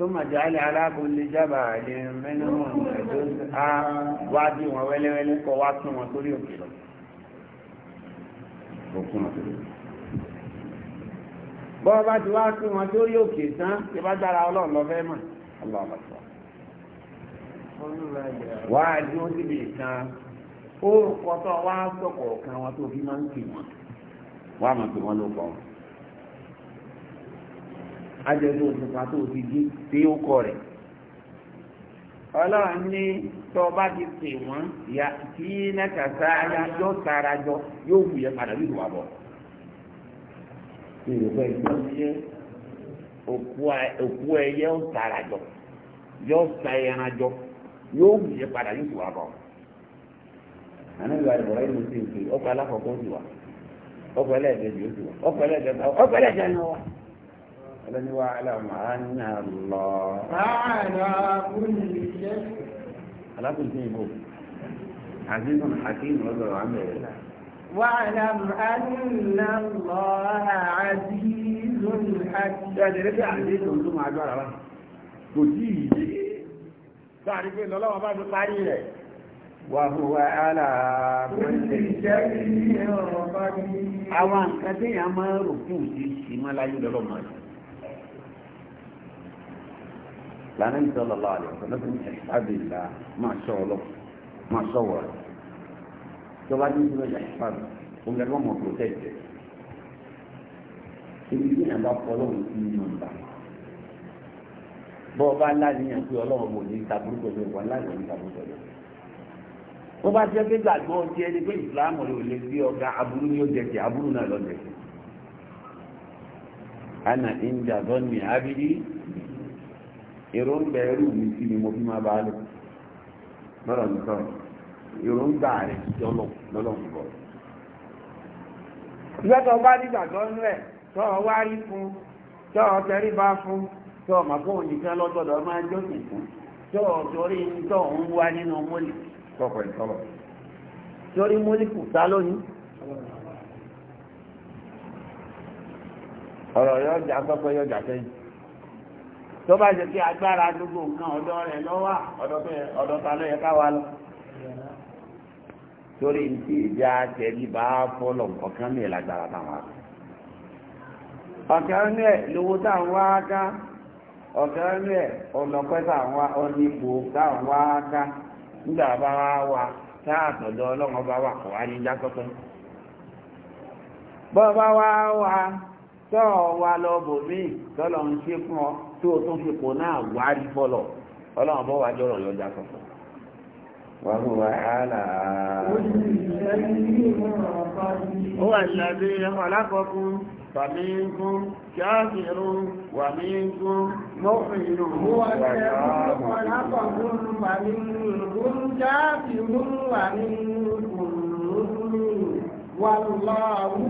ثم جعل على كل جبل منهم جزءا وادي وويلي ويلي قوات وطريق bọ́ bá ti wá kí wọn tó rí òkè tán tí bá dára ọlọ́run lọ fẹ́ mọ̀ ọlọ́ọ̀lọ́sọ wá dúró síbi kan orúkọ tó wá sọ̀kọ̀ kan wọn tó fi máa ń pè wọn wá máa pè wọn ló kọ́ wọn. ajẹ́dún òṣùpá tó ti tí ó kọ rẹ̀ ọlọ́run ní tó bá ti pè wọ́n yà kí náà sára jọ yóò wù yẹ padà nínú wa bọ̀ yorùbá ìgbà ṣe òkú ẹyẹ ó sára jọ yóò sa jọ yóò wù yẹ padà bọ̀ yìí ló ti ń pè ti wà ti wà lọ́ní wà aláàmà ánà lọ. alákùnrin ìbò àzízùn hakim lọ́dọ̀ wà mẹ́rẹ̀. واعلم أن الله عزيز حكيم. يا جريت عزيز أنتم عجبا الله. قتيل sáàrí pé lọ́lọ́wọ́ bá ti parí rẹ̀ wà hùwà ààlà àwọn nǹkan tí èèyàn máa rò fún òsì máa láyé lọ́lọ́mọ rẹ̀ lànà ìjọba lọ àlè ọ̀sán lọ́sẹ̀ ní àbílà máa ṣọ́ ọ lọ máa ṣọ́ wọ̀ rẹ̀ tó bá ní ìjọba ìjọba òun lẹ́nu ọmọ protect ibi tí yàn bá fọ ọlọ́run sí inú ọ̀gbà bọ́ ọ bá láníyàn pé ọlọ́run kò ní ìtàbùrú pẹ̀lú ìwà láìwọ̀ ní ìtàbùrú pẹ̀lú bó bá jẹ́ pé gbàgbọ́ ti ẹni pé ìsìláàmù rẹ̀ ò lè fi ọ̀gá aburú ní ó jẹ̀jẹ̀ aburú náà lọ́jẹ̀ ana inda zonni abidi èròǹgbà ẹrú mi sí ni mo fi máa bá lò lọ́rọ̀ mi sọ̀rọ̀ èròǹgbà rẹ̀ jọlọ lọ́lọ́ mi bọ̀. ìgbẹ́tọ̀ bá nígbàgbọ́ ńlẹ̀ tọ́ ọ wá rí fún tọ́ ọ tẹrí bá fún tọ́ ọ màgbọ́n lọ́gbọ́dọ̀ máa fún tọ́ ọ torí tọ́ ọ ń wá nínú tọ́pọ̀ ìtọ́lọ̀ torí kù sá lónìí. ọ̀rọ̀ yọjà yọjà sẹ́yìn. tó bá jẹ́ pé agbára gbogbo nǹkan ọ̀dọ̀ rẹ̀ lọ́wà ọ̀dọ̀ ta ló yẹ ká wá lọ. torí bá fọ́lọ̀ ọ̀kan táwọn ọ̀kan lówó táwọn wá ká ọ̀kan wa táàtọ̀dọ̀ ọlọ́run bá wà ní jákọ́tọ́. wá wa tọ́ lọ ń ṣe fún tí o tún fi kún náà wárí fọlọ ọlọ́run bọ́ wájú ọ̀rọ̀ yọjá sọ fún wa ó wà nílàdé ẹ̀fọ́ alákọ̀ọ́kún fàmí ń gún wà mí ń gún mọ́fìnrún. ó wà fàmí Ọlọ́run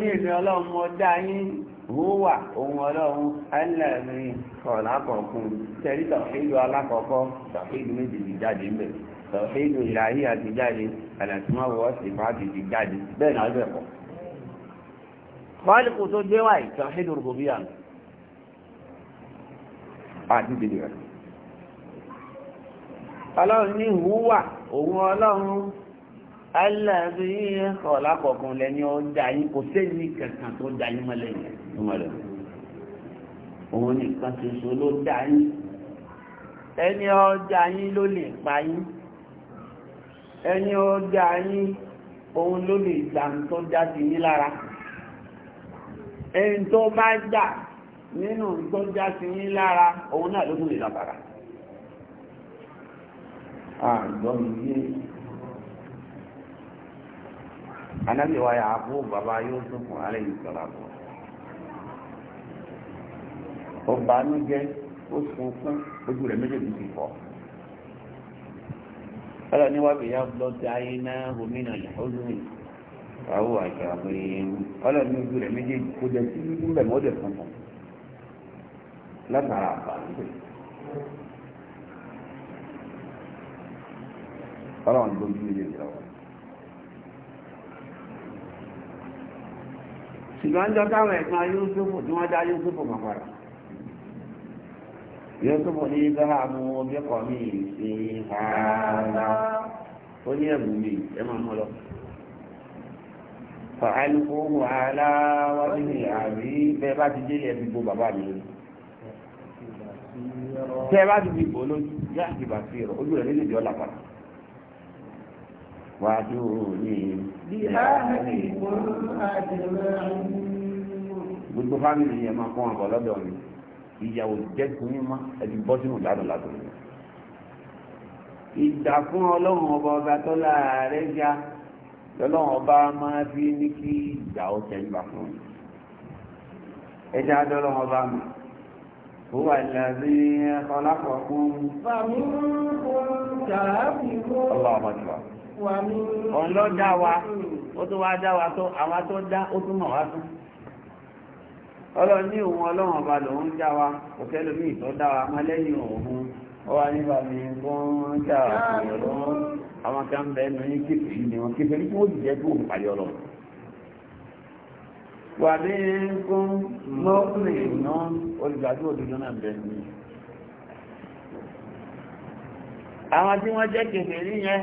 ní èdè ọlọ́run mọ dá yín wúwà ohun ọlọ́run ẹlẹ́rin kọ̀ọ̀lákọ̀ọ̀kún tẹ̀rí tọ̀fíìlú alákọ̀ọ́kọ́ tọ̀fíìlú méjì ti jáde ń bẹ̀. Tọ̀fíìlú ìlàhí àti jáde àlàtúmọ̀wọ́ sì fà ti ti jáde bẹ́ẹ̀ náà bẹ̀ pọ̀. Fọ́ọ̀lùkù tó gbé wáyé tọ̀fíìlú rògbòbíyà. Ọlọ́run ní wúwà òun ọlọ́run aláàbí ọ̀la kọ̀ọ̀kan lẹ́ni ọjà yín kò sẹ́ni kankan tó dá yín mọ́lẹ̀ yẹn òun nìkan ṣoṣo ló dá yín ẹni ọjà yín ló lè pa yín ẹni ọjà yín òun ló lè gbà tó já sí yín lára ẹni tó bá jà nínú tó já sí yín lára òun náà ló tún lè lọ àgbọ̀mí yé anábìwá yà àbú bàbá yóò tún fún alẹ́ ìsọ̀rọ̀ àbọ̀ ó banújẹ́ ó sunkún ojú rẹ̀ méjèèjì ti fọ́ ọlọ́ níwájú yá lọ́tí ayé náà gómìnà ìhóòzùmí àwọn àjàmọ̀ èèyàn ọlọ́ ní ojú rẹ̀ méjèèjì kó jẹ́ sí nígbà mọ́dẹ̀ funfun látara àbá níbẹ̀. ọlọ́run ló bí ilé ìlọ́wọ́ ṣùgbọ́n ń jọ táwọn ẹ̀gbọ́n Yúsúfù tí wọ́n dá Yúsúfù mọ̀ padà Yúsúfù ní bẹ́ẹ̀ mú omi kọ́ mi sí ara ó ní ẹ̀bùn mi ẹ máa mú lọ. fàálùkù aláwọ̀ nínú àrí bẹ́ẹ̀ bá ti délé ẹbí bo bàbá mi lórí. tẹ́ ẹ bá ti fi bò lójú yá ìbàfihàn ojú rẹ̀ nílùú ìjọ làpàdà wàdúrónì. gbogbo fámìlì yẹn máa kọ́ wọn bọ̀ lọ́dọ̀ mi ìyàwó jẹ́ fún yín mọ́ ẹbí bọ́ sínú ìdádùn ládùn mi. ìjà fún ọlọ́run ọba ọba tó láàárẹ̀ já lọ́lọ́run ọba máa fi ní kí ìjà ó tẹ̀lébà fún un. ẹja dọ́lọ́run ọba mi. هو الذي خلقكم فمنكم كافر الله أكبر òun lọ dá wa ó tó wá dá wa tó àwa tó dá ó tún mọ̀ wá tún ọlọ́run ní òun ọlọ́run ọba lòun dá wa kò sẹ́lómi ìtọ́ dá wa mọ́ lẹ́yìn òun ọwá nígbà mi gbọ́n dá ọlọ́run àwọn kan bẹ ẹnu yín kéfì ní wọn kéfì ní wà ní kún mọ́kùnrin iná olùgbàdú òdodo náà bẹ ní àwọn tí wọ́n jẹ́ kéfì yẹn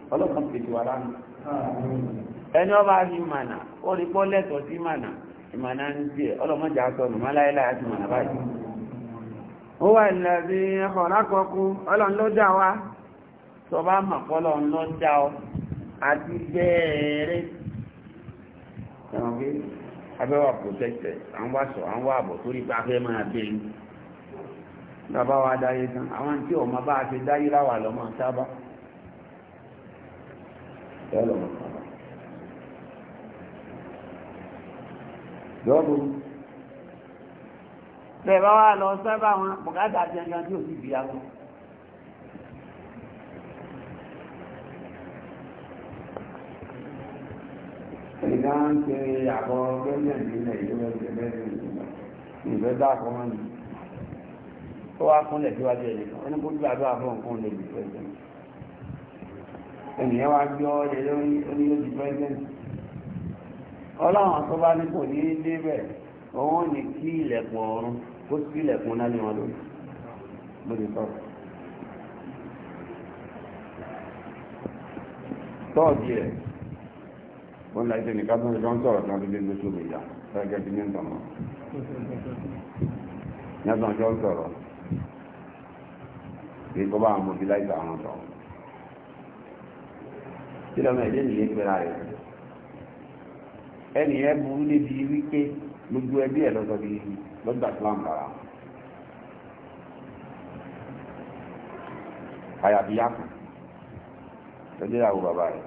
ọlọ́kan fi ti wà lánàá ẹni ọba ní mànà ó rí pọ́ lẹ́tọ̀ sí mànà ìmànà ń tiẹ̀ ọlọ́mọdé asọ̀nù máláyélá àti mànà báyìí. ó wà ìlàbí ẹ̀kọ́ lákọ̀ọ́kú ọlọ́run ló dá wa tó bá mọ̀ pọ́lọ́ ń lọ dá ọ àti bẹ́ẹ̀rẹ́ ẹ̀wọ̀n pé abẹ́wà protected àwọn wá sọ àwọn wá àbọ̀ torí pé afẹ́ máa bẹ́ ní bàbá wa dáyé tán àwọn tí ọmọ yálà wọn kàn án. lọ́dún bá wà lọ sábà wọn bùkátà ti ẹni tí ò sì bìyà wọn. ìdá ń ṣe àbọ̀ gẹ́gẹ́ ìlẹ̀ ìjọba ìjọba ìjọba ìfẹ́ dá àkọ́mọ́ ni ó wá kúnlẹ̀ síwájú ẹ̀yìn kan ó ní kó gbàdúrà fún nǹkan lè lè fẹ́ jẹun ènìyàn wá gbé ọ́ọ́dẹ lórí onílójú president ọlọ́run tó bá ní kò ní débẹ̀ òun ní kí ilẹ̀kùn ọ̀run kó sí ilẹ̀kùn náà ní wọn lórí mo lè sọ. tọ́ọ̀dì rẹ̀ wọ́n láì tẹ́ nìkan tó ń sọ́n sọ̀rọ̀ kan lóde lóṣù méjà fẹ́gẹ́ bí ní ìtàn náà ní ọ̀sán tó ń sọ̀rọ̀ kí kó bá àwọn mobilizer kí lọ́mọ ẹ̀dẹ́ nìyẹn pẹ̀lá rẹ̀ ẹni ẹ burú níbi wípé gbogbo ẹbí ẹ̀ lọ́dọ̀ bí lọ́gbà islam lára àyàbíyá kan lọ́jọ́ ìyàwó bàbá rẹ̀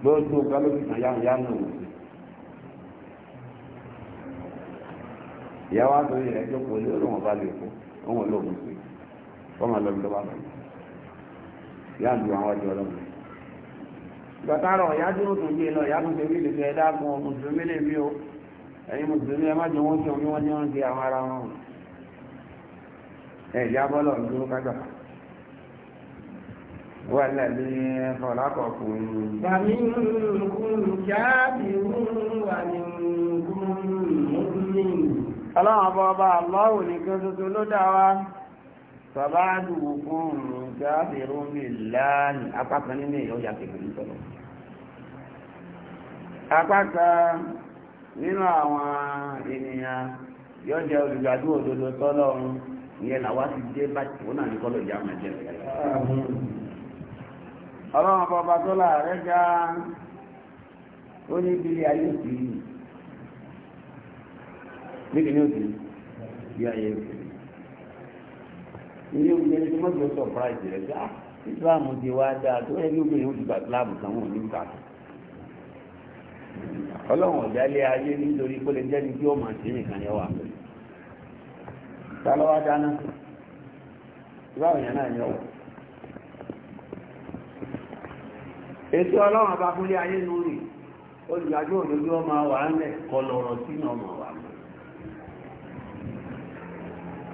gbogbo galóbi kan yánu yánu òwò ìyàwó àtòyìn rẹ̀ jókòó lórí wọn bá lè kó wọn lóògùn sí wọn máa lọ bí lọ́wọ́ àtòyìn yá lu àwọn ọjọ́ ọlọ́run gbàtàrọ̀ ìyá dúró tó yé lọ ìyá tó ṣe wí lè ẹ̀dá gan mùsùlùmí lè mí o ẹ̀yin mùsùlùmí ẹ má jẹ wọ́n ṣe omi wọ́n ní wọ́n ṣe àwọn ara wọn ẹ̀ ìyá dúró kájọ wà lẹ́bí fọlákọ̀kùn ọlọ́run ọba ọba àlọ́wò nìkan tuntun ló dá wa fàbáàdù fún gáfẹ̀rún mi láàánì apákan nínú èèyàn ọjà kẹfìrí tọ́lọ̀ apákan nínú àwọn ènìyàn yóò jẹ́ olùgbàdú òdodo tọ́lọ̀ ìyẹn ti dé bá ní kọ́lọ̀ ìyá ọlọ́run ní ayé ilé oúnjẹ ní sọmọ́tò ló sọpráìsì rẹ̀ sí ah islam ti wá dáa tó ẹni obìnrin ó ti gbà láàbù kan wọn ní ìgbà tó ọlọ́run ọ̀dà ilé ayé nítorí kó lè jẹ́ni tí ó máa ṣe nìkan yẹn wà pẹ̀lú ta ló wá dáná ìbáwò yẹn náà yẹn wọ̀ ètò ọlọ́run abáfúnlé ayé nù rè olùdájọ́ òdodo ọmọ wa ń lẹ̀ kọlọ̀rọ̀ sínú ọmọ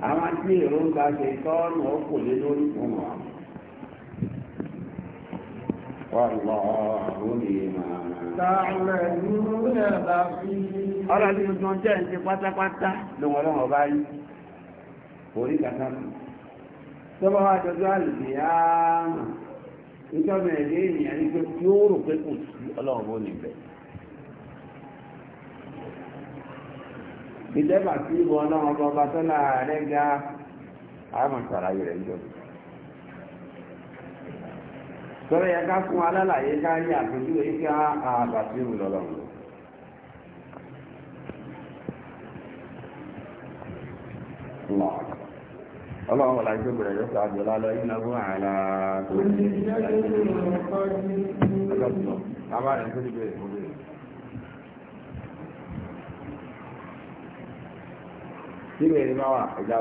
àwọn tí èròǹgbà ṣe tọ́ọ̀nù ọkọ̀ lé lórí fún wa. Ọ̀rọ̀ tí mo tún jẹ́ ìṣe pátápátá lòun ọlọ́run ọba yìí. Orí kàtà kù. jọjọ́ Ìjọba ẹ̀dẹ́ ènìyàn ní pé kí ó rò pé kò sí ọlọ́run ìdẹ́gbà tí ìbò ọlọ́run ọba tọ́lá rẹ̀ ga àmọ̀sára rẹ̀ jọ. sọ́rọ̀ yẹ ká fún alálàyé ká rí àpèjú ike àbà tí ìbò lọ. Ọlọ́run wọ̀lá ìjọ bẹ̀rẹ̀ yóò sáájú lálọ́ ìnáwó àlàáfíà. Ọjọ́ tí wọ́n, síbẹ̀ máa wà ẹ̀dá